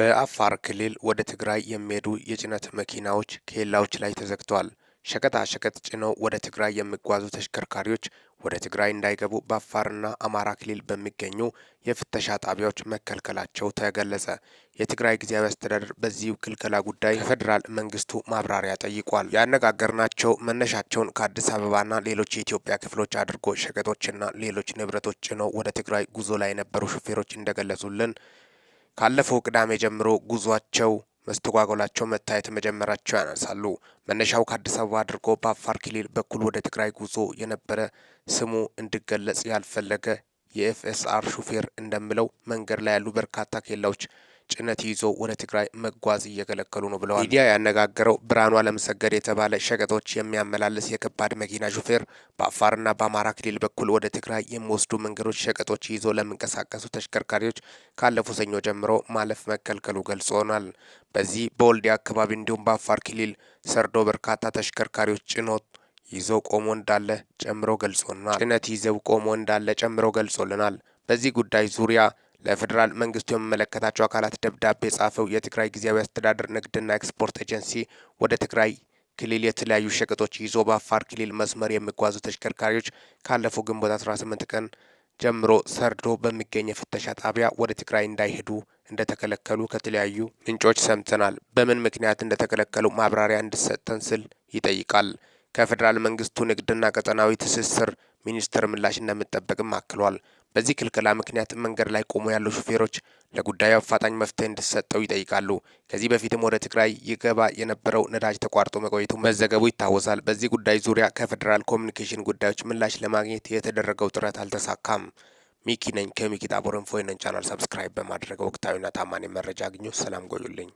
በአፋር ክልል ወደ ትግራይ የሚሄዱ የጭነት መኪናዎች ኬላዎች ላይ ተዘግተዋል። ሸቀጣ ሸቀጥ ጭነው ወደ ትግራይ የሚጓዙ ተሽከርካሪዎች ወደ ትግራይ እንዳይገቡ በአፋርና አማራ ክልል በሚገኙ የፍተሻ ጣቢያዎች መከልከላቸው ተገለጸ። የትግራይ ጊዜያዊ አስተዳደር በዚሁ ክልከላ ጉዳይ ከፌዴራል መንግስቱ ማብራሪያ ጠይቋል። ያነጋገርናቸው መነሻቸውን ከአዲስ አበባና ሌሎች የኢትዮጵያ ክፍሎች አድርጎ ሸቀጦችና ሌሎች ንብረቶች ጭነው ወደ ትግራይ ጉዞ ላይ የነበሩ ሹፌሮች እንደገለጹልን ካለፈው ቅዳሜ ጀምሮ ጉዟቸው መስተጓጎላቸው መታየት መጀመራቸው ያነሳሉ። መነሻው ከአዲስ አበባ አድርጎ በአፋር ክልል በኩል ወደ ትግራይ ጉዞ የነበረ ስሙ እንዲገለጽ ያልፈለገ የኤፍኤስአር ሹፌር እንደምለው መንገድ ላይ ያሉ በርካታ ኬላዎች ጭነት ይዞ ወደ ትግራይ መጓዝ እየከለከሉ ነው ብለዋል። ሚዲያ ያነጋገረው ብርሃኑ አለምሰገድ የተባለ ሸቀጦች የሚያመላልስ የከባድ መኪና ሹፌር በአፋርና በአማራ ክልል በኩል ወደ ትግራይ የሚወስዱ መንገዶች ሸቀጦች ይዞ ለሚንቀሳቀሱ ተሽከርካሪዎች ካለፉ ሰኞ ጀምሮ ማለፍ መከልከሉ ገልጾናል። በዚህ በወልዲያ አካባቢ እንዲሁም በአፋር ክልል ሰርዶ በርካታ ተሽከርካሪዎች ጭኖት ይዘው ቆሞ እንዳለ ጨምሮ ገልጾልናል። ጭነት ይዘው ቆሞ እንዳለ ጨምሮ ገልጾልናል። በዚህ ጉዳይ ዙሪያ ለፌዴራል መንግስቱ የሚመለከታቸው አካላት ደብዳቤ የጻፈው የትግራይ ጊዜያዊ አስተዳደር ንግድና ኤክስፖርት ኤጀንሲ ወደ ትግራይ ክልል የተለያዩ ሸቀጦች ይዞ በአፋር ክልል መስመር የሚጓዙ ተሽከርካሪዎች ካለፈው ግንቦት 18 ቀን ጀምሮ ሰርዶ በሚገኝ የፍተሻ ጣቢያ ወደ ትግራይ እንዳይሄዱ እንደተከለከሉ ከተለያዩ ምንጮች ሰምተናል። በምን ምክንያት እንደተከለከሉ ማብራሪያ እንዲሰጠን ስል ይጠይቃል። ከፌዴራል መንግስቱ ንግድና ቀጠናዊ ትስስር ሚኒስቴር ምላሽ እንደምጠበቅም አክሏል። በዚህ ክልከላ ምክንያት መንገድ ላይ ቆሞ ያሉ ሹፌሮች ለጉዳዩ አፋጣኝ መፍትሄ እንዲሰጠው ይጠይቃሉ። ከዚህ በፊትም ወደ ትግራይ ይገባ የነበረው ነዳጅ ተቋርጦ መቆየቱ መዘገቡ ይታወሳል። በዚህ ጉዳይ ዙሪያ ከፌዴራል ኮሚኒኬሽን ጉዳዮች ምላሽ ለማግኘት የተደረገው ጥረት አልተሳካም። ሚኪ ነኝ ከሚኪ ታቦረንፎይ ነኝ። ቻናል ሰብስክራይብ በማድረግ ወቅታዊና ታማኝ መረጃ አግኙ። ሰላም ቆዩልኝ።